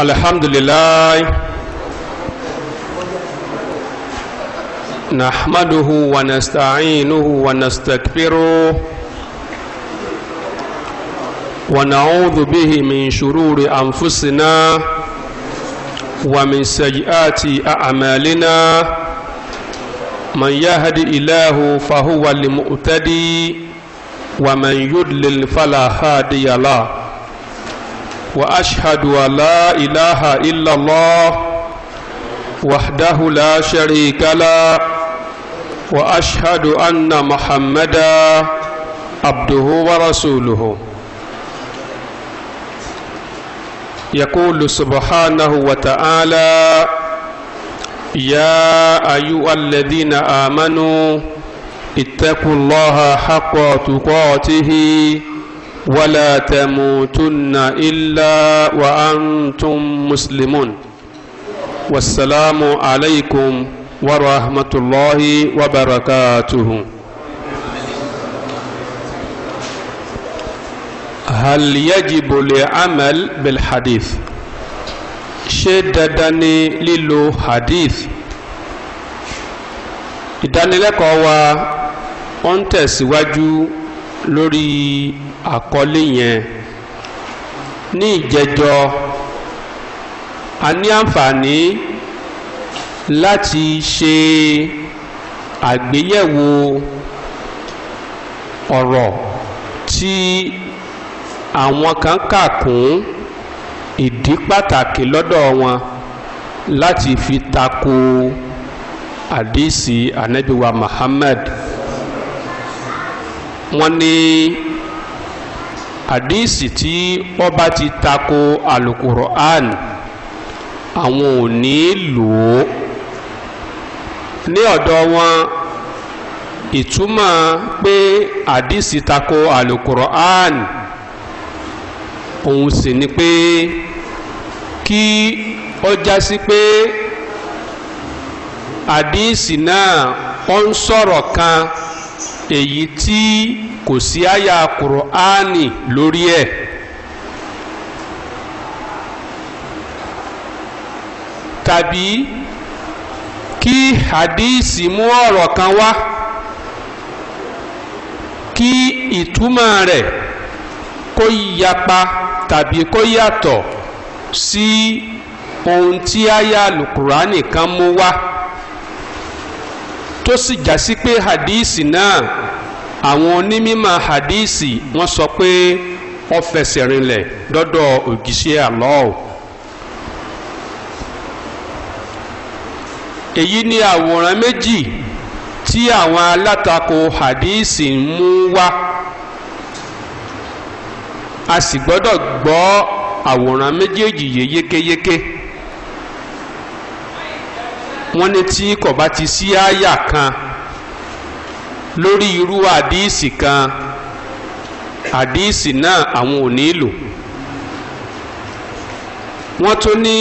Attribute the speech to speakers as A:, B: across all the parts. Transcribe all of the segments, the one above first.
A: الحمد لله نحمده ونستعينه ونستكبره ونعوذ به من شرور أنفسنا ومن سيئات أعمالنا من يهد إله فهو المؤتدي ومن يدلل فلا هادي له واشهد ان لا اله الا الله وحده لا شريك له واشهد ان محمدا عبده ورسوله يقول سبحانه وتعالى يا ايها الذين امنوا اتقوا الله حق تقاته ولا تموتن إلا وأنتم مسلمون والسلام عليكم ورحمة الله وبركاته هل يجب العمل بالحديث شددني dandan حديث. إذا hadith ìdánilẹ́kọ̀ọ́ wa ó lórí àkọlé yẹn ní ìjẹjọ a ní àǹfààní láti ṣe àgbéyẹ̀wò ọ̀rọ̀ tí àwọn kan kà kún ìdí pàtàkì lọ́dọ̀ wọn láti fi tako àdìsí anabiwa Muhammad wọ́n ní àdíìsì tí wọ́n bá ti tako alukur'an àwọn ò ní lò ó ní ọ̀dọ̀ wọn ìtumọ̀ pé àdíìsì tako alukur'an òun sì ni pé kí ó jásí pé àdíìsì náà ó ń sọ̀rọ̀ kan èyí tí kò sí àyà kùrọ̀ánì lórí ẹ̀ tàbí kí hadísì mú ọ̀rọ̀ kan wá kí ìtumọ̀ rẹ̀ kó yapa tàbí kó yàtọ̀ sí ohun tí àyà lùkùránì kan mú wá tó sì já sí pé hadísì náà àwọn onímọ̀ hadísì wọ́n sọ pé ó fẹsẹ̀ rinlẹ̀ dọ́dọ̀ ògìṣẹ́ Allah èyí ni àwòrán méjì tí àwọn alátakò hadísì ń mú wá a sì gbọ́dọ̀ gbọ́ àwòrán méjèèjì yékéyéké. Yeke wọ́n ní tí kò bá ti sí àyà kan lórí irú àdíìsì kan àdíìsì náà àwọn ò ní lò wọ́n tún ní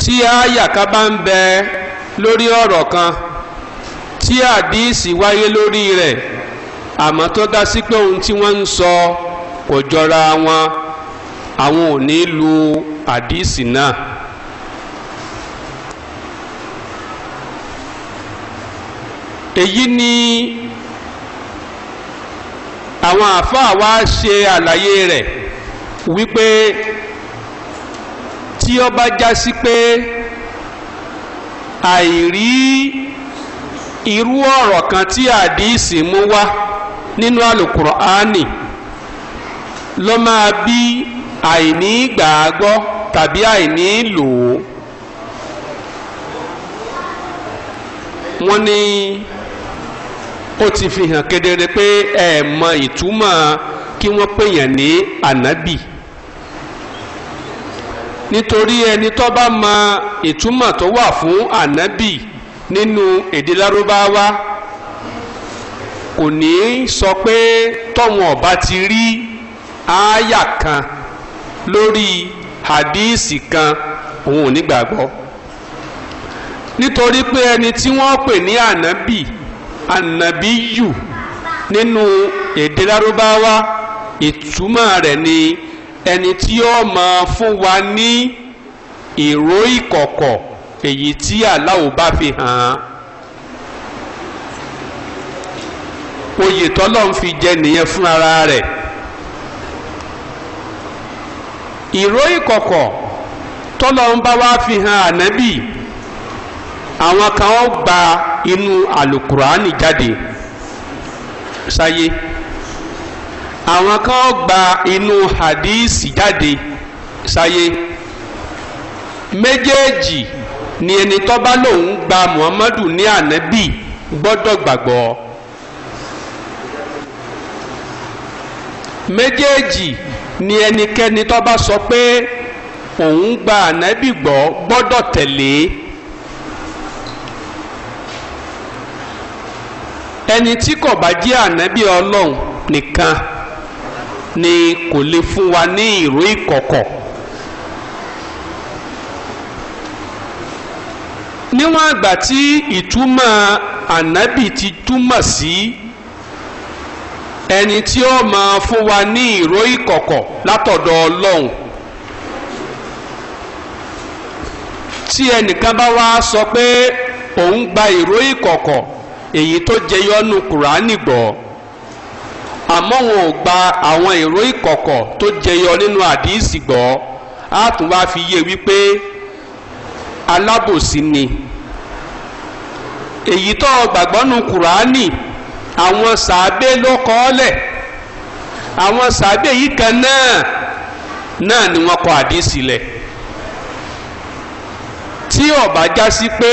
A: tí àyà kan bá ń bẹ lórí ọ̀rọ̀ kan tí àdíìsì wáyé lórí rẹ̀ àmọ́ tó dá sí pé ohun tí wọ́n ń sọ kò jọra wọn àwọn ò ní lu àdíìsì náà. èyí ni àwọn àáfàá wa ṣe àlàyé rẹ̀ wípé tí ó bá já sí pé àìrí irú ọ̀rọ̀ kan tí àdìsí mú wá nínú àlùkùránì ló máa bí àìní gbàgbọ́ tàbí àìní lò ó wọ́n ní. ó ti fi hàn kedere pé ẹ mọ ìtumọ̀ kí wọ́n pèèyàn ní ànábì nítorí ẹni tó bá mọ ìtumọ̀ tó wà fún ànábì nínú èdè lárúbáwá kò ní sọ pé tọwọn ọba ti rí ááyà kan lórí hadíìsì kan òun ò ní gbàgbọ́ nítorí pé ẹni tí wọ́n pè ní ànábì anabiyu nínú èdè lárúbáwá ìtumọ̀ rẹ̀ ni ẹni tí ó máa fún wa ní ìró ìkọ̀kọ̀ èyí tí aláwo bá fi hàn án oyè tọ́lọ́run fi jẹ nìyẹn fún ara rẹ̀ ìró ìkọ̀kọ̀ tọ́lọ́run bá wá fi hàn ànábì àwọn kan gba inú alukurani jáde sáyé àwọn kan gba inú hadísì jáde sáyé méjèèjì ni ẹni tó bá lòun gba muhammadu ní ànábì gbọ́dọ̀ gbàgbọ́ méjèèjì ni ẹnikẹ́ni tó bá sọ pé òun gba ànábì gbọ́ gbọ́dọ̀ tẹ̀lé. ẹni tí kò bá jẹ́ ànábì ọlọ́run nìkan ni kò lè fún wa ní ìró ìkọ̀kọ̀ níwọ̀n àgbà tí ìtumọ̀ ànábì ti túmọ̀ sí ẹni tí ó máa fún wa ní ìró ìkọ̀kọ̀ látọ̀dọ̀ ọlọ́run tí ẹnìkan bá wá sọ pé òun gba ìró ìkọ̀kọ̀ èyí tó jẹyọnu kùránì gbọ́ àmọ́ wọn ò gba àwọn ìró ìkọ̀kọ̀ tó jẹyọ nínú àdìsí gbọ́ á tún wá fi yé wípé alábòsí ni èyí tó gbàgbọ́ nu kùránì àwọn sàábé ló kọ ọ́ lẹ̀ àwọn sàábé yìí kan náà náà ni wọ́n kọ àdìsí lẹ̀ tí ó já sí pé.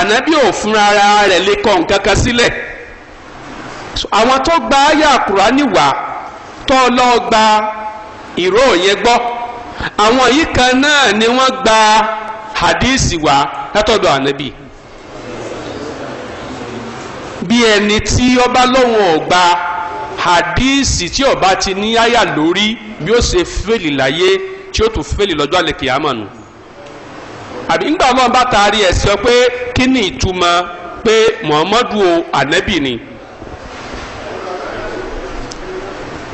A: ànábì ò fúnra ara rẹ̀ lè kọ nǹkan kan sílẹ̀ àwọn tó gba àyà kùránì wá tó lọ gba ìró yẹn gbọ́ àwọn yìí kan náà ni wọ́n gba hadísì wá látọ̀dọ̀ ànábì bí ẹni tí ọba lóun ò gba hadísì tí ọba ti ní àyà lórí bí ó ṣe fèlì láyé tí ó tún fèlì lọ́jọ́ àlè kìámà nù. àbí ńgbà náà bá taari ẹ̀ pé kí ni ìtumọ̀ pé muhammadu o ni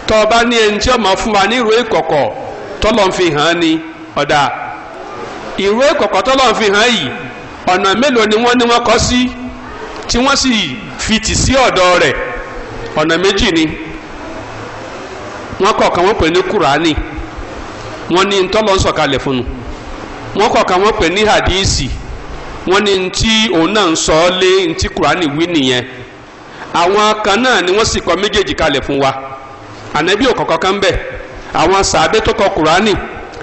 A: tọ́ọ̀bá ni ẹni tí ó máa fún wa ní ìró ìkọ̀kọ̀ tọ́lọ̀ hàn ni ọ̀dà ìró ìkọ̀kọ̀ tọ́lọ̀ ń hàn yìí ọ̀nà mélòó ni wọ́n ni wọ́n kọ́ sí tí wọ́n sì fi tì sí ọ̀dọ̀ rẹ̀ ọ̀nà méjì ni wọ́n kọ̀ọ̀kan wọ́n pè ní kùránì wọ́n ní ntọ́lọ́ ń sọ̀kalẹ̀ fún un. wọ́n kọ̀ ká wọ́n pè ní hadísì wọ́n ní ntí òun náà ń sọ ọ́ lé ntí kùránì wí nìyẹn àwọn kan náà ni wọ́n sì kọ méjèèjì kalẹ̀ fún wa ànábì ò kọ̀kọ́ kan bẹ̀ àwọn sàbẹ́ tó kọ kùránì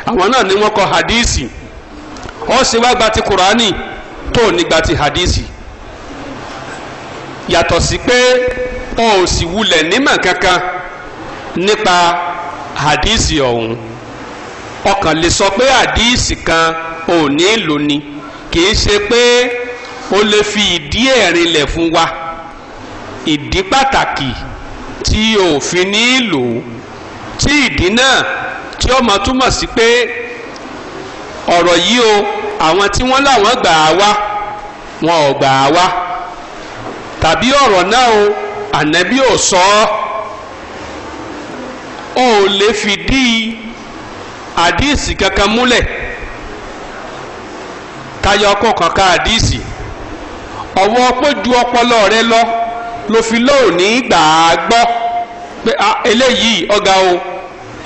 A: àwọn náà ni wọ́n kọ hadísì Ọ sì wá gba ti kùránì tó ní gba ti hadísì yàtọ̀ sí pé ó sì wulẹ̀ nímọ̀ kankan nípa hadísì ọ̀hún. ọkàn lè sọ pé àdíìsì kan ò ní lò ní kì í ṣe pé o lè fi ìdí ẹ̀ rinlẹ̀ fún wa ìdí pàtàkì tí o fi ní lò tí ìdí náà tí ó máa túmọ̀ sí pé ọ̀rọ̀ yìí o àwọn tí wọ́n láwọn gbà á wá wọn ò gbà á wá tàbí ọ̀rọ̀ náà o ànábì ò sọ ọ́ o ò lè fìdí àdíìsì kankan múlẹ̀ tayọ ọkọ̀ kankan àdíìsì ọ̀wọ́ pé ju ọpọlọ rẹ lọ ló fi lóòní gbà á gbọ́ pé eléyìí ọ̀gá o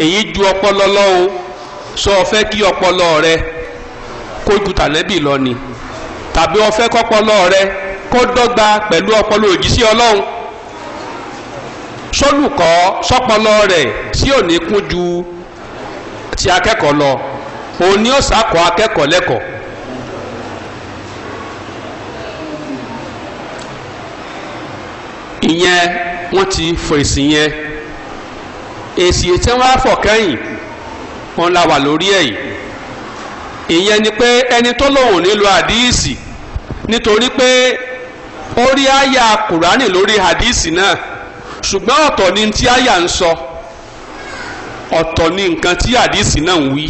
A: èyí ju ọpọlọ lọ o sọ ọ fẹ́ kí ọpọlọ rẹ kó ju tànẹ́bì lọ ni tàbí ọ fẹ́ kọ́pọlọ rẹ kó dọ́gba pẹ̀lú ọpọlọ òjíṣẹ́ ọlọ́run sọlùkọ́ sọpọlọ rẹ̀ tí ò kún ju ti akẹ́kọ̀ọ́ lọ òun ni ó sàkọ́ akẹ́kọ̀ọ́ lẹ́kọ̀ọ́ ìyẹn wọ́n ti fèsì yẹn èsì tí wọ́n á fọ̀ kẹ́yìn wọn la wà lórí ẹ̀ yìí ìyẹn ni pé ẹni tó lòun nílò àdíìsì nítorí pé ó rí àyà kùránì lórí àdíìsì náà ṣùgbọ́n ọ̀tọ̀ ni ti àyà ń sọ. So ọ̀tọ̀ ni nǹkan tí àdìsí náà ń wí.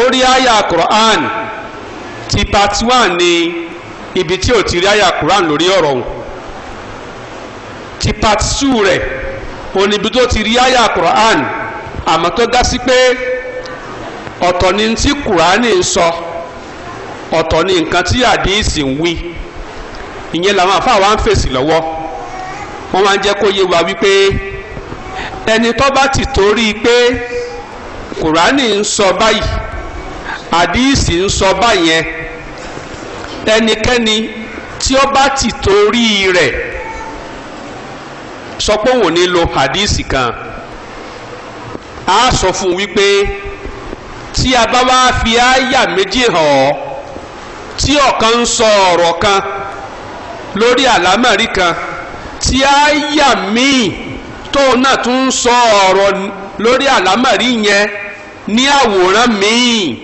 A: orí àyà Quran ti part one ni ibi tí ò ti rí àyà Quran lórí ọ̀rọ̀ òun ti part two rẹ̀ oníbi tó ti rí àyà Quran àmọ́ tó dá sí pé ọ̀tọ̀ ni tí sọ ọ̀tọ̀ ni nǹkan tí àdìsí ń wí ìyẹn làwọn wa ń wọ́n máa ń jẹ́ kó yé wa wípé ẹni tó bá ti torí pé kùránì ń sọ báyìí àdìsí ń sọ báyẹn ẹnikẹ́ni tí ó bá ti torí rẹ̀ sọ pé òun ò ní lo àdìsí kan a sọ fún un wípé tí a bá wá fi àyà méjì hàn ọ́ tí ọ̀kan ń sọ ọ̀rọ̀ kan lórí àlámọ̀rí kan. tí ya míì tó náà tún ń sọ ọ̀rọ̀ lórí àlámọ̀rí yẹn ní àwòrán míì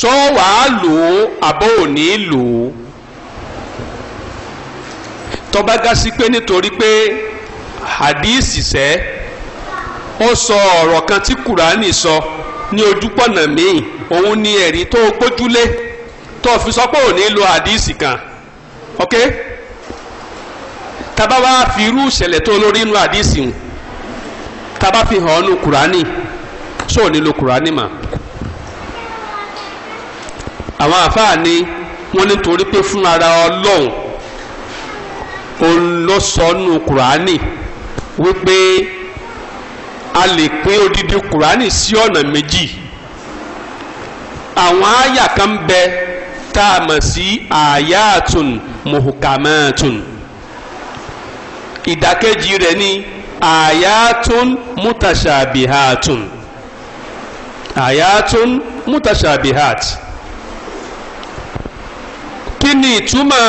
A: sọ wàá lò ó àbọ̀ ò ní lò ó tọ́ba gá sí pé nítorí pé hadíìsì sẹ́ ó sọ ọ̀rọ̀ kan tí kùránì sọ ní ojúpọ̀nà míì òun ni ẹ̀rí tó gbójúlé tó fi sọ pé ò ní lo hadíìsì kan ok. tábà wá fi irú ìṣẹ̀lẹ̀ tó lórí inú àdìsí hùn tábà fi hàn ọ́nù kùránì sóò nílò kùránì mà àwọn àfáà ni wọ́n ní torí pé fún ara ọlọ́run olóṣọ́nù kùránì wípé a lè pín odidi kùránì sí ọ̀nà méjì àwọn àyà kan bẹ tá a mọ̀ sí ìdàkejì rẹ̀ ni àyàtún mutashabihatun àyàtún mutashabihat kí ni ìtumọ̀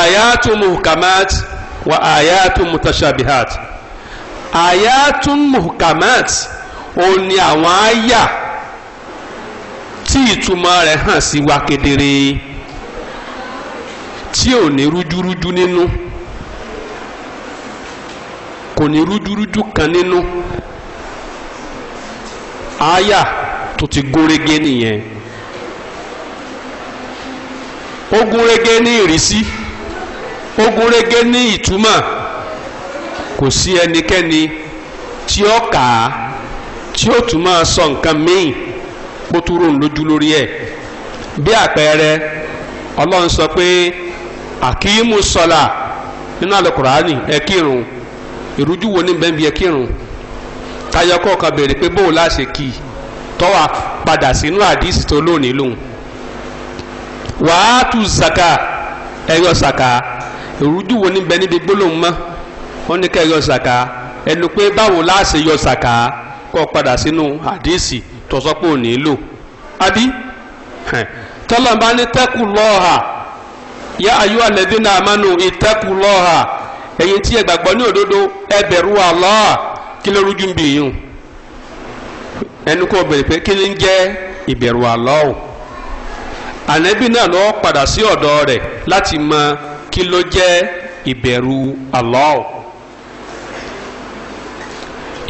A: àyàtún muhkamat wa àyàtún mutashabihat àyàtún muhkamat òun ni àwọn àyà tí ìtumọ̀ rẹ̀ hàn sí wa kedere tí ò ní rújúrújú nínú. No? kò ní rújúrújú kan nínú aya tó ti gúnrégé nìyẹn ó gúnrégé ní ìrísí ó gúnrégé ní ìtumọ̀ kò sí ẹnikẹ́ni tí ó kà á tí ó tún máa sọ nǹkan míì kó tó ròhùn lójú lórí ẹ̀ bí àpẹẹrẹ ọlọ́run sọ pé àkíyímù sọlá nínú àlùkùránì ẹ kírun. E ìrújú wo ní bẹ́ẹ̀ bí ẹ kírun táyọ kọ̀ọ̀kan béèrè pé bóun láṣẹ kì í tọ́wà padà sínú àdísì tó lónìí lòun wàá tu zaka ẹyọ zaka ìrújú wo ní bẹ́ẹ̀ níbi gbólóhùn mọ́ wọ́n ní ká ẹyọ zaka ẹnu pé báwo láṣẹ yọ zaka kọ́ padà sínú àdìsí tó sọ lò àbí tọ́lọ́mbá ní tẹ́kù lọ́ọ̀hà yá ayú àlẹ́dínà àmánú ìtẹ́kù lọ́ọ̀hà. ẹ̀yin tí ẹ gbàgbọ́ ní òdodo ẹ bẹ̀rù Allah kí ló rújú ń bì yín ẹnu kò bèrè pé kí ló ń jẹ́ ìbẹ̀rù Allah o ànẹ́bí náà lọ padà sí ọ̀dọ̀ rẹ̀ láti mọ kí ló jẹ́ ìbẹ̀rù Allah o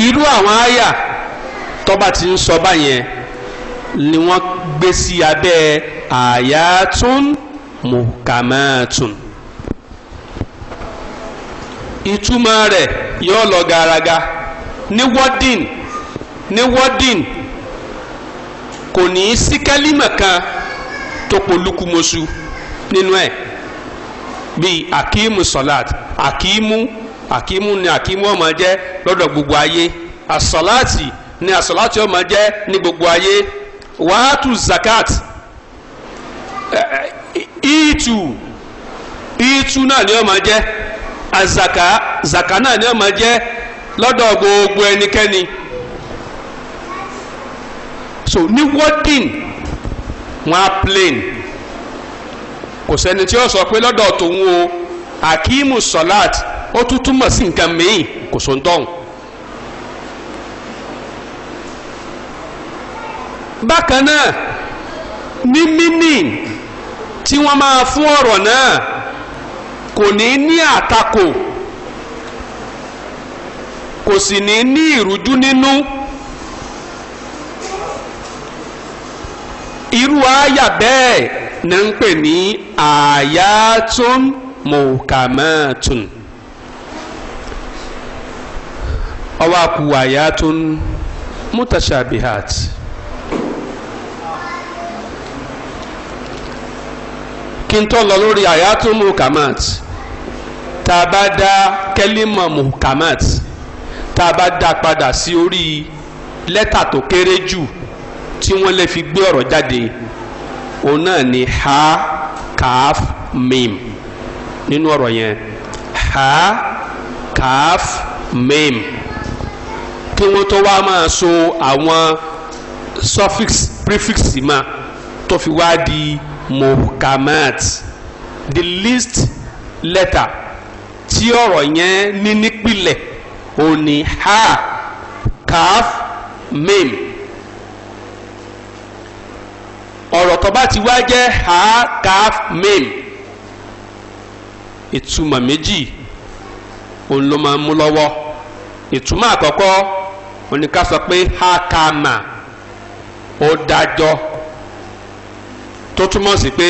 A: irú àwọn àyà tọ́ba ti ń sọ báyẹn ni wọ́n gbé sí abẹ́ àyàtún muhkamatun. ìtumọ̀ rẹ̀ yóò lọ gàràgà ní wọ́dìn ní wọ́dìn kò ní í sí kálímà kan tó polúkúmọ́sù nínú ẹ̀ bíi akimu salat akimu akimu ni akimu ó máa jẹ́ lọ́dọ̀ gbogbo ayé asalati ni asalati ó máa jẹ́ ní gbogbo ayé wàhátù zakat ìtù ìtù náà ni ó jẹ́. azaka zaka náà ni ó máa jẹ́ gbogbo ẹnikẹ́ni so ní wording wọn á plain kò sẹ́ni tí ó sọ pé lọdọ tòun o akimu salat ó tún túmọ̀ sí nǹkan mìíràn kò sóhun tọ́hún. bákan náà ní mímì tí wọ́n máa fún ọ̀rọ̀ náà kò ní ní àtakò kò sì ní ní ìrújú nínú irú àyà bẹ́ẹ̀ ni ń pè ní àyàtún mọ̀kàmẹ́tún ọwọ́ àkú àyàtún mutashabihat. kí n tó lọ lórí àyàtún tá a bá dá kẹ́límọ̀ muhkamat tá a bá dá padà sí orí lẹ́tà tó kéré jù tí wọ́n lè fi gbé ọ̀rọ̀ jáde òun náà ni ha kaf mim nínú ọ̀rọ̀ yẹn ha kaf mim kí wọ́n tó wá máa so àwọn suffix prefix ma tó fi wá di muhkamat the least letter tí ọ̀rọ̀ yẹn ní nípìlẹ̀ òní ha kaf mim ọ̀rọ̀ tó bá ti wá jẹ́ ha kaf mim ìtumọ̀ méjì òun ló máa ń mú lọ́wọ́ ìtumọ̀ àkọ́kọ́ òun sọ pé ha kama ó dájọ́ tó túmọ̀ sí pé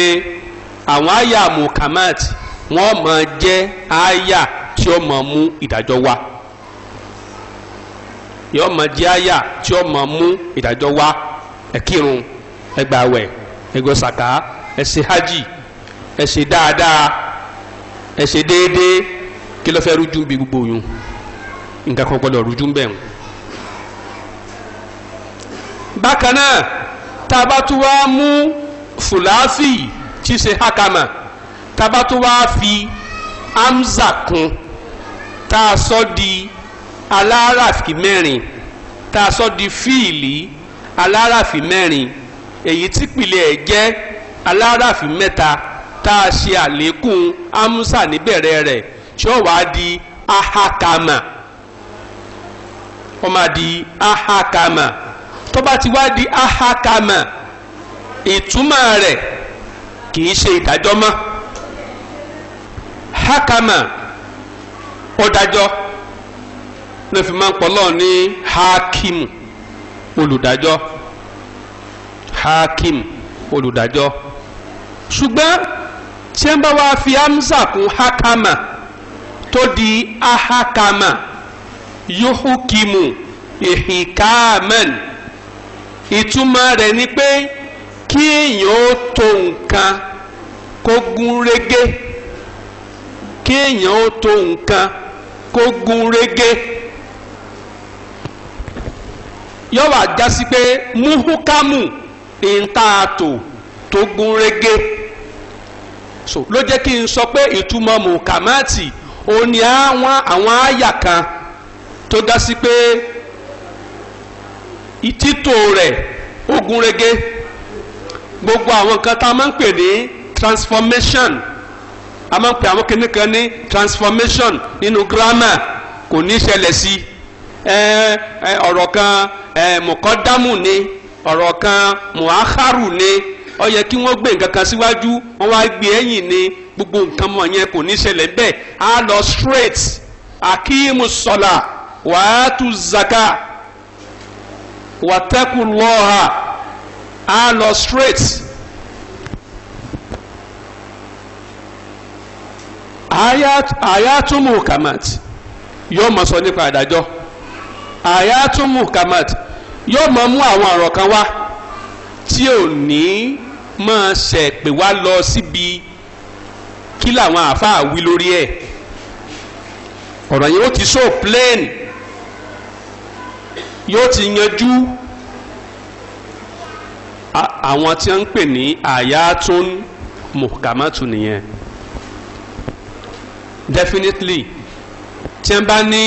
A: àwọn àyà mukamat wọ́n máa jẹ́ àyà tí ó máa mú ìdájọ́ wá yóò máa jẹ́ àyà tí ó máa mú ìdájọ́ wá ẹ kírun ẹ gbààwẹ̀ ẹ gbọ́ sàká ẹ ṣe hajj ẹ dáadáa ẹ déédéé kí ló fẹ́ rújú bí gbogbo yun nǹkan kan gbọ́dọ̀ rújú ń ń. bákan náà tá a bá tún wá mú fùlàáfì tí ṣe hákàmà tába tó wá fi amza kún tá a sọ di aláràfì mẹ́rin tá a sọ di fíìlì aláràfì mẹ́rin èyí tí pìlẹ̀ ẹ̀ jẹ́ aláràfì mẹ́ta tá ṣe àlékún amúsà níbẹ̀rẹ̀ rẹ̀ tí ó wá di ahakama ó máa di ahakama tó bá ti wá di ahakama ìtumọ̀ rẹ̀ kì í ṣe ìdájọ́ mọ́ hakama ọ̀dájọ́ náà fi máa ni pọ̀ lọ́ọ̀ hakimu olùdájọ́ hakim olùdájọ́ ṣùgbọ́n tí wọ́n bá wá fi hamza kún hakama tó di ahakama yuhukimu ihikamen ìtumọ̀ rẹ̀ ni pé kí èèyàn ó tó nǹkan kó gún régé. kéèyàn ó tó nǹkan kó gun régé yóò wá jásí pé muhukamu ìntààtò tó gun régé so ló jẹ́ kí n sọ pé ìtumọ̀ mùkàmáàtì ó ní àwọn àwọn àyà kan tó jásí pé ìtítò rẹ̀ ó gun régé gbogbo àwọn nǹkan tá a máa ń pè ní transformation a máa ń pè àwọn kinní ní transformation nínú grammar kò ní ṣẹlẹ̀ sí ọ̀rọ̀ kan mọ̀kọ́dámù ni ọ̀rọ̀ kan mọ̀áhárù ni ó yẹ kí wọ́n gbé nǹkan kan síwájú wọ́n wá gbé ẹ̀yìn ni gbogbo nǹkan mọ̀ yẹn kò ní ṣẹlẹ̀ bẹ́ẹ̀ á lọ straight akíyìmù sọ̀là wàátù zaka wàtẹ́kù lọ́ha á lọ straight. ayatumu kamat yóò mọ̀ sọ nípa àdájọ́ ayatumu kamat yóò mọ̀ mú àwọn ọ̀rọ̀ kan wá tí ò ní máa ṣẹ̀ pé wá lọ síbi kí làwọn àáfàá wí lórí ẹ̀ ọ̀rọ̀ yẹn ó ti so plain yóò ti yanjú àwọn tí wọ́n ń pè ní ayatun muhkamatu nìyẹn definitely tí wọ́n bá ní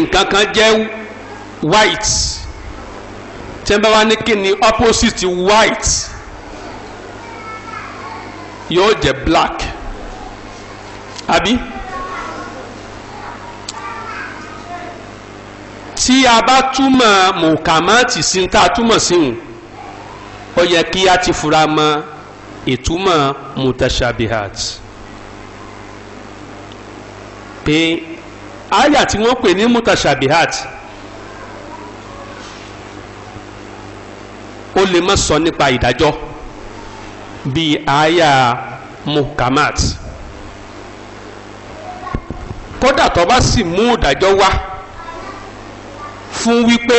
A: nǹkan kan jẹ́ white tí wọ́n bá wá ní kí ni opposite white yóò jẹ́ black àbí tí a bá túmọ̀ mùkàmáàtì sí ta túmọ̀ sí wọn ó yẹ kí a ti fura mọ́ ìtumọ̀ mutashabihat. E pé àyà tí wọ́n pè ní mutashabihat ó lè má sọ nípa ìdájọ́ bíi àyà mukamat kódà tó bá sì mú ìdájọ́ wá fún wípé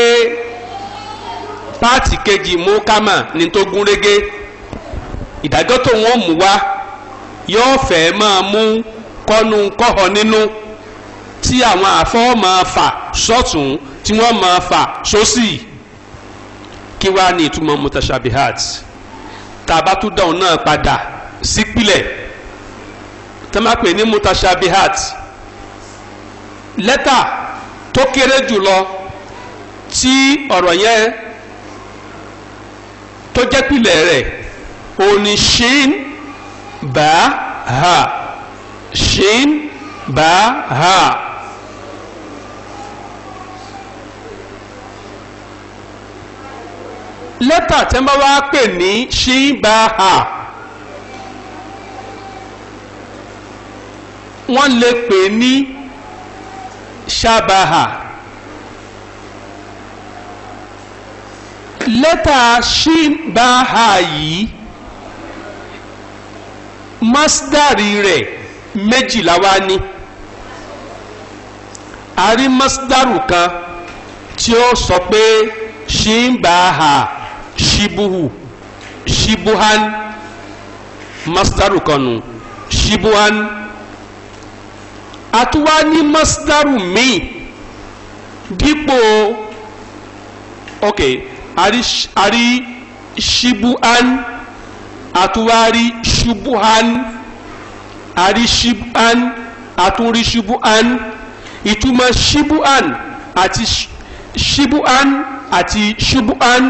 A: páàtì kejì mukama ni tó gún régé ìdájọ́ tó wọ́n mú wá yóò fẹ́ máa mú. kọ́nu kọ́họ nínú tí àwọn àfọ́ máa fà sọ́tún tí wọ́n máa fà sósì kí wàá ní ìtumọ̀ mutashabihat tàbá tún dáhùn náà padà sípìlẹ̀ tá má pè ní mutashabihat lẹ́tà tó kéré jùlọ tí ọ̀rọ̀ yẹn tó jẹ́ pìlẹ̀ rẹ̀ òní ṣìn bá ha. شين ba ha lẹ́tà tí wọ́n bá wá pè ní shin wọ́n lè pè ní shabaha lẹ́tà shin yìí masdari rẹ̀ méjìlá wá ní ari rí masdaru kan tí ó sọ pé ṣìǹbàhà ṣibuhu ṣibuhan masdaru kan nù ṣibuhan a tún wá ní masdaru míì dípò ok a rí ṣibuhan a rí ṣubuhan àrí shibuan àtúnrí shibuan ìtumọ̀ shibuan àti shibuan àti shibuan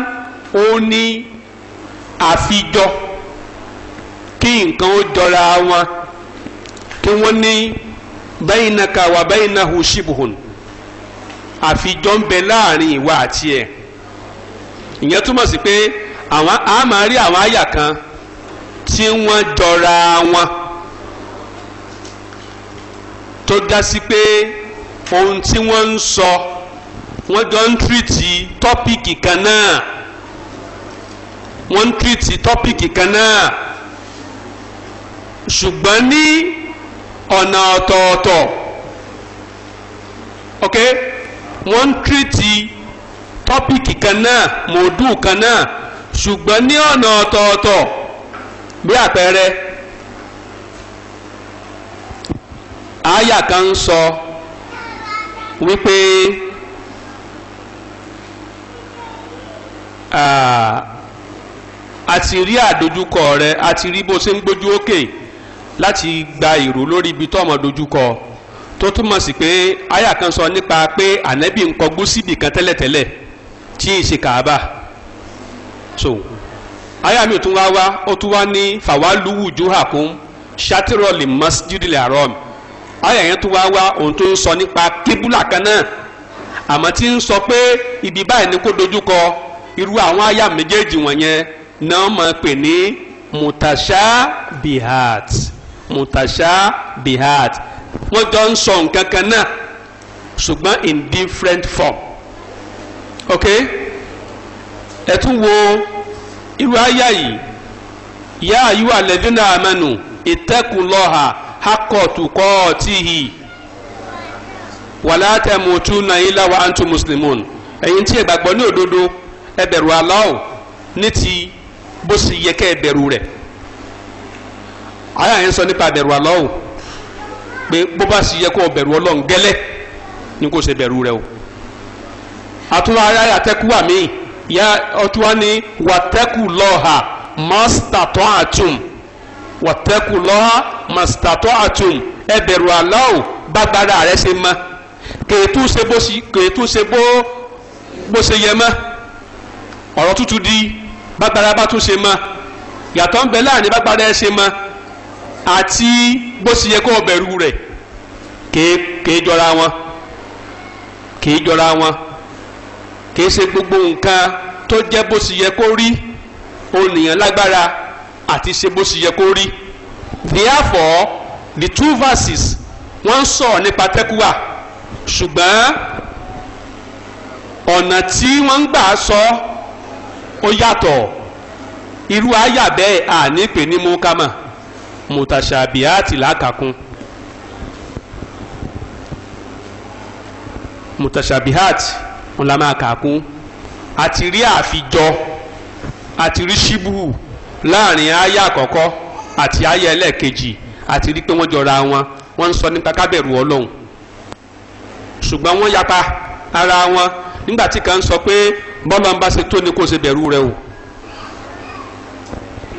A: òun ni àfijọ kí nǹkan ó jọra wọn kí wọ́n ní bainaka wa bainahu shibuhun àfijọ ń bẹ láàrin ìwà àti ẹ̀ ìyẹn túmọ̀ sí pé àwọn a máa rí àwọn àyà kan tí wọ́n jọra wọn tó já sí pé ohun tí wọ́n ń sọ wọ́n jọ ń tírìtì tọ́pìkì kan náà wọ́n ń tírìtì tọ́pìkì kan náà ṣùgbọ́n ní ọ̀nà ọ̀tọ̀ọ̀tọ̀ ok wọ́n ń tírìtì tọ́pìkì kan náà mòdù kan náà ṣùgbọ́n ní ọ̀nà ọ̀tọ̀ọ̀tọ̀ bí àpẹẹrẹ. aya kan sọ wípé a ti rí àdójúkọ rẹ a ti rí bó ṣe ń gbójú òkè láti gba èrò lórí ibi tọmọ ọmọ dojúkọ tó túmọ̀ sí pé aya kan sọ nípa pé ànẹ́bí ń kọgbó síbì kan tẹ́lẹ̀tẹ́lẹ̀ tí ì ṣe kàábà so aya mi ò tún wá wá ó tún wá ní fàwálùwù juhakun shatiroli masjidil haram àyà yẹn tó wá wá ohun tó ń sọ nípa kíbúlà kan náà àmọ́ tí ń sọ pé ibi báyìí ni kó dojúkọ irú àwọn àyà méjèèjì wọ̀nyẹn náà máa pè ní mutasha bihat mutasha bihat wọ́n jọ ń sọ nǹkan kan náà ṣùgbọ́n in different form ok ẹ tún wo irú àyà yìí yá àyíwá lẹ́dínà àmẹ́nu ìtẹ́kùlọ́hà. حق تقاته ولا تموتون إلا na مسلمون ẹ̀yin tí ẹ ní òdodo ẹ bẹ̀rù ní ti bó sì yẹ kẹ́ ẹ rẹ̀ àyà yẹn sọ nípa bẹ̀rù Allah pé bó bá sì yẹ kó Ọlọ́run gẹ́lẹ́ ṣe mi ya àtúm wọ̀tẹ́kù lọ́wọ́ mọ̀sítàtọ́ àtùm ẹ bẹ̀rù Allah bágbára rẹ ṣe mọ kèétú ṣe bó kèétú ṣe bó bó ṣe yẹ mọ ọ̀rọ̀ tútù di bágbára bá tún ṣe mọ yàtọ̀ ń bẹ láàrin bágbára ẹ ṣe mọ àti bó ṣe yẹ kó o bẹ̀rù rẹ̀ kèé jọra wọn kèé jọra wọn kèé ṣe gbogbo nǹkan tó jẹ́ bó ṣe yẹ kó rí olùyàn lágbára àti ṣe bó ṣe yẹ kó rí therefore the two verses wọ́n ń sọ̀rọ̀ nípa tẹ́kùwà ṣùgbọ́n ọ̀nà tí wọ́n ń gbà sọ ó yàtọ̀ irú àyà bẹ́ẹ̀ àní pè ní mukama mutashabiati lákàkún mutashabiati ńlá máa kàkún àti rí àfijọ àti rí ṣíbùú láàrin aya àkọ́kọ́ àti aya ẹlẹ́ẹ̀kejì àti rí pé wọ́n jọra wọn wọ́n ń sọ nípa kábẹ̀rù ọlọ́run ṣùgbọ́n wọ́n yapa ara wọn nígbà tí kan sọ pé bọ́lá ń bá ṣe tó ni kò ṣe bẹ̀rù rẹ o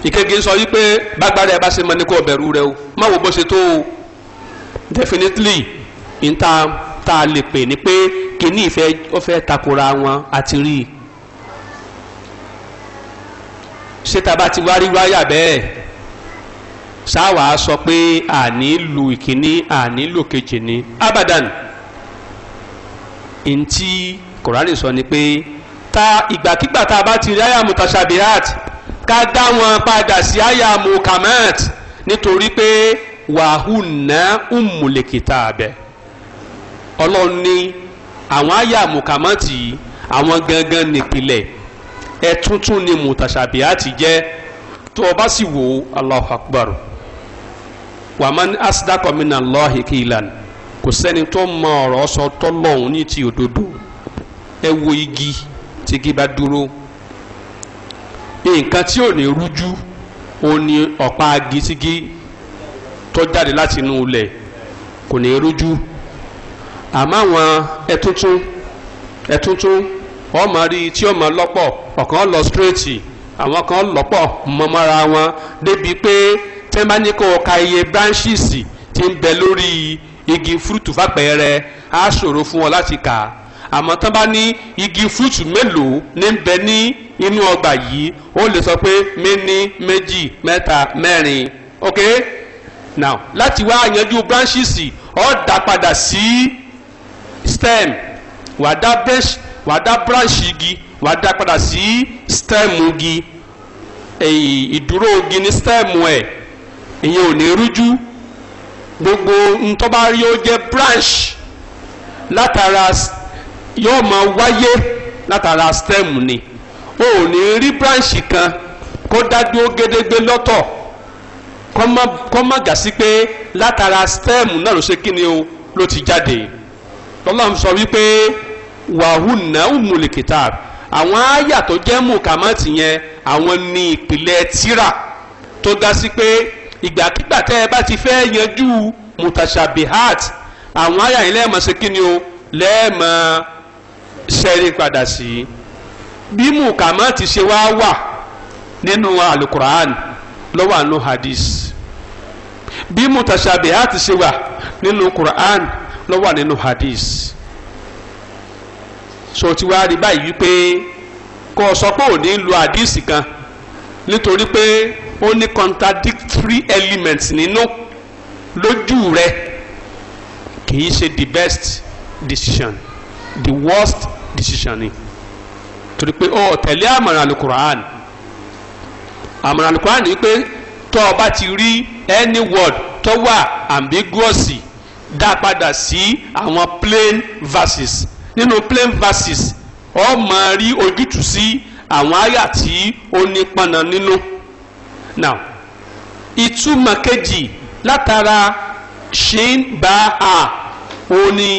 A: ìkejì sọ wípé bágbára ẹ bá ṣe mọ ni kò bẹ̀rù rẹ o má wo bó ṣe tó o definitely n ta ta lè pè ní pé kíní ìfẹ́ ó fẹ́ takora wọn àti rí i ṣé tá a bá ti wá rí wáyà bẹ́ẹ̀ sáwà á sọ pé àní lu ìkíní àní lu kejì ni abadan ntí kòránì sọ ni pé ta ìgbàkigbà tá a bá ti rí àyà mutashabihat ká dá wọn padà sí àyà mukamat nítorí pé wàhùnà umulikita abẹ ọlọ́run ní àwọn àyà mukamat yìí àwọn gangan nìpìlẹ̀ ẹ̀túntún ni mùtàṣàbíàtì jẹ́ tó o bá sì wò ó Allahu Akbar wàmán asdaqu minallahi qilan kò sẹ́ni tó mọ ọ̀rọ̀ sọ tọ́lọ́hún ní ti òdodo ẹ wo igi tí igi bá dúró nǹkan tí ò ní rújú ó ní ọ̀pá agisigi tó jáde láti inú ilẹ̀ kò ní rújú àmọ́ àwọn ẹtúntún ẹtúntún wọ́n máa rí tí ó máa lọ́pọ̀ ọ̀kan lọ síréètì àwọn kan lọ́pọ̀ mọ́mọ́ra wọn débi pé tẹ́mání ka iye branches ti ń bẹ lórí igi fúrútù fàpẹ́rẹ́ á ṣòro fún ọ láti kà àmọ́ tán bá ní igi fúrútù mélòó ní ń bẹ ní inú ọgbà yìí ó lè sọ pé méní méjì mẹ́ta mẹ́rin ok now láti wá yanjú branches ó dá padà sí stem wàá dá branches wàá dá branch igi wàá dá padà sí stem igi ìdúró igi ní stem ẹ̀ ìyẹn ò ní rújú gbogbo ntọ́ba ó jẹ́ branch látara yóò máa wáyé látara stem ni o ò ní rí branch kan kó dájú ó gédégbé lọ́tọ̀ kọ́ má gà sí pé látara stem náà ló ṣe kí ni o ló ti jáde lọ́lọ́run sọ wípé wàhùnà umulikitab àwọn àyà tó jẹ́ mùkàmọ́tì yẹn àwọn ní ìpìlẹ̀ tírà tó ga sí pé ìgbàkigbà tẹ́ ẹ bá ti fẹ́ yanjú mutashabihat àwọn àyà yìí lẹ́ẹ̀mọ́ ṣe kí ni o lẹ́ẹ̀mọ́ ṣẹ́rí padà sí i bí mùkàmọ́tì ṣe wá wà nínú alukur'an lọ́wọ́ àánú hadith bí mutashabihat ṣe wà nínú kur'an lọ́wọ́ nínú hadith so ti wá rí báyìí wípé kó o sọ pé ò ní lo àdíìsì kan nítorí pé ó ní contradictory elements nínú lójú rẹ kì í ṣe the best decision the worst decision ni torí pé ó tẹ̀lé àmọ̀ràn alukur'an àmọ̀ràn alukur'an ni pé tó o bá ti rí any word tó wà ambiguous dá padà sí àwọn plain verses nínú plain verses ọ máa rí ojútùú sí àwọn àyà tí ó ní nínú now ìtumọ̀ kejì látara shin ba a ó ní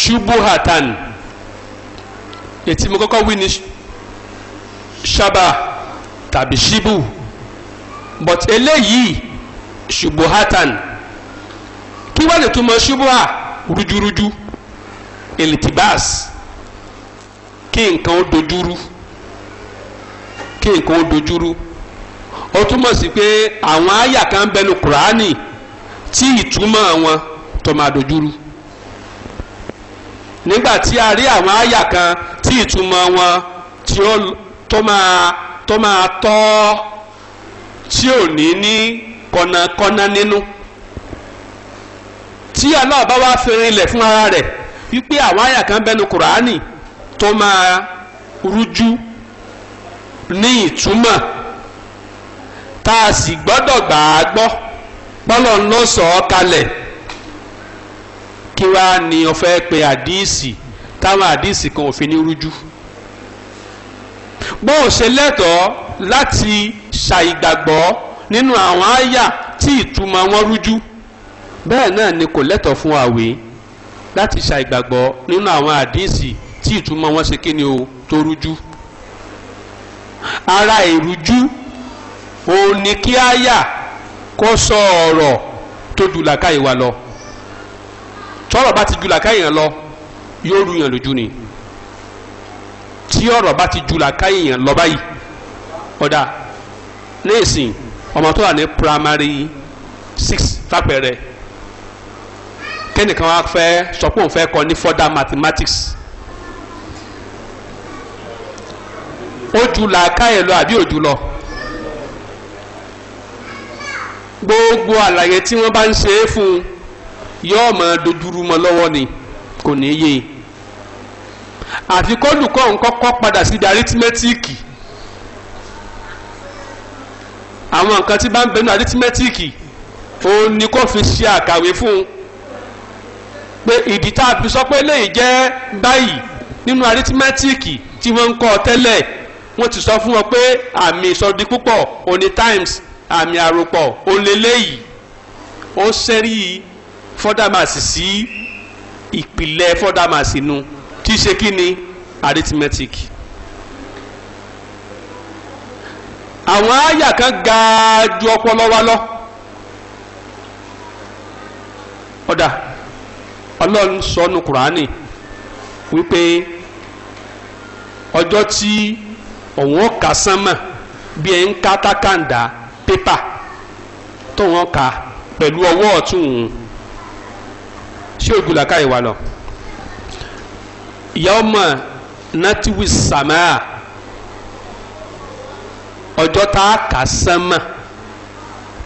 A: ṣubuhatan ètí mo kọ́kọ́ wí ní ṣaba tàbí ṣíbù but eléyìí shubuhatan. kí wàá lè túmọ̀ ṣubuha rújúrújú. Ruju elitibas kí nǹkan ó dojúrú kí nǹkan ó dojúrú ó túmọ̀ sí pé àwọn àyà kan bẹnu kùránì tí ìtumọ̀ wọn tó máa dojúrú nígbà tí a rí àwọn àyà kan tí ìtumọ̀ wọn tí ó tó máa tó máa tọ́ tí ò ní ní kọ̀nàkọ̀nà nínú tí aláàbá wa fi rinlẹ̀ fún ara rẹ̀ wípé àwọn àyà kan bẹnu kùránì tó máa rújú ní ìtumọ̀ tá a sì gbọ́dọ̀ gbà á gbọ́ pọ́lọ̀ ń lọ sọ ọ́ kalẹ̀ kí wàá ní ó fẹ́ pe àdíìsì táwọn àdíìsì kan ò fi ní rújú bó o ṣe lẹ́tọ̀ọ́ láti ṣàìgbàgbọ́ nínú àwọn àyà tí ìtumọ̀ wọn rújú bẹ́ẹ̀ náà ni kò lẹ́tọ̀ọ́ fún àwẹ̀ láti ṣàìgbàgbọ́ nínú àwọn àdíìsì tí ìtumọ̀ wọn ṣe kíni o tó rújú ara ìrújú òun ni kí á yà kó sọ ọ̀rọ̀ tó ju làkàyè wa lọ tọ́rọ̀ bá ti ju làkàyè yẹn lọ yóò rú yàn lójú ni tí ọ̀rọ̀ bá ti ju làkàyè yẹn lọ báyìí ọ̀dà ní ọmọ tó wà ní primary six fàpẹ̀rẹ̀ kẹ́nìkan wá fẹ́ sọ pé òun fẹ́ kọ́ ní further mathematics ojú làákàyè lọ àbí ojú lọ gbogbo àlàyé tí wọ́n bá ń ṣe é fún un yóò mọ dojúrú mọ́ lọ́wọ́ ni kò ní yé e àfi kọ́lùkọ́ nǹkan padà síbi arítmẹ́tíìkì àwọn nǹkan tí bá ń bẹnu arítmẹ́tíìkì òun ni kò fi ṣe àkàwé fún un pé ìdí tá a fi sọ pé léyìí jẹ́ báyìí nínú arithmetic tí wọ́n ń kọ́ tẹ́lẹ̀ wọ́n ti sọ fún wọn pé àmì ìsọdí púpọ̀ òní times àmì àròpọ̀ òlélẹ́yìí ó sẹ́rí fọ́dàmàsì sí ìpìlẹ̀ fọ́dàmàsì nu tí í ṣe kí ni arithmetic. àwọn àyà kan ga ju ọpọlọ wa lọ. ọ̀dà ọlọ́run sọ nu kùránì wípé ọjọ́ tí òun ó ka sánmà bí ẹ ń ká tákàndá pépà tó wọn kà pẹ̀lú ọwọ́ ọ̀tún ṣé ògùn làkàyè wà lọ ìyá ọmọ natiwi samaa ọjọ́ tá a kà sánmà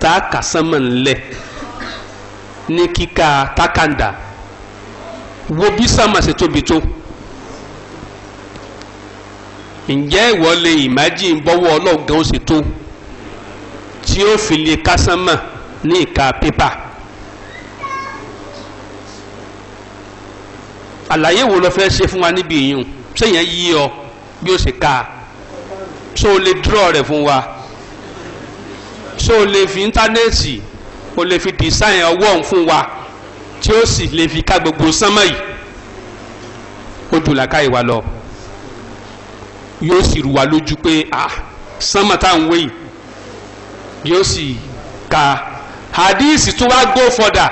A: tá a kà sánmà ńlẹ̀ ní kíkà tákàndá. wo bí sàmà ṣe tóbi tó ǹjẹ́ ìwọ lè ìmájì ń bọ́wọ́ ọlọ́gán ṣe tó tí ó fi lè kásánmà ní ìka pépà àlàyé wo lo fẹ́ ṣe fún wa níbi ìyún sẹ́yìn yí ọ bí ó ṣe ká so o lè draw rẹ̀ fún wa so o lè fi íńtánẹ́ẹ̀tì o lè fi design ọwọ́ fún wa tí ó sì lè fi ká gbogbo sánmọ́ yìí ó jù làákàyè wa lọ yóò sì rú wa lójú pé ah sánmọ́ tá à ń wé yìí yóò sì ka hadíìsì tó wá go further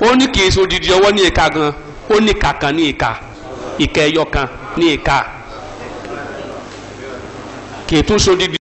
A: ó ní kì í ṣe odidi ọwọ́ ní ìka gan ó ní ìka ní ìka ìka ẹyọ kan ní ìka kì í tún ṣe odidi.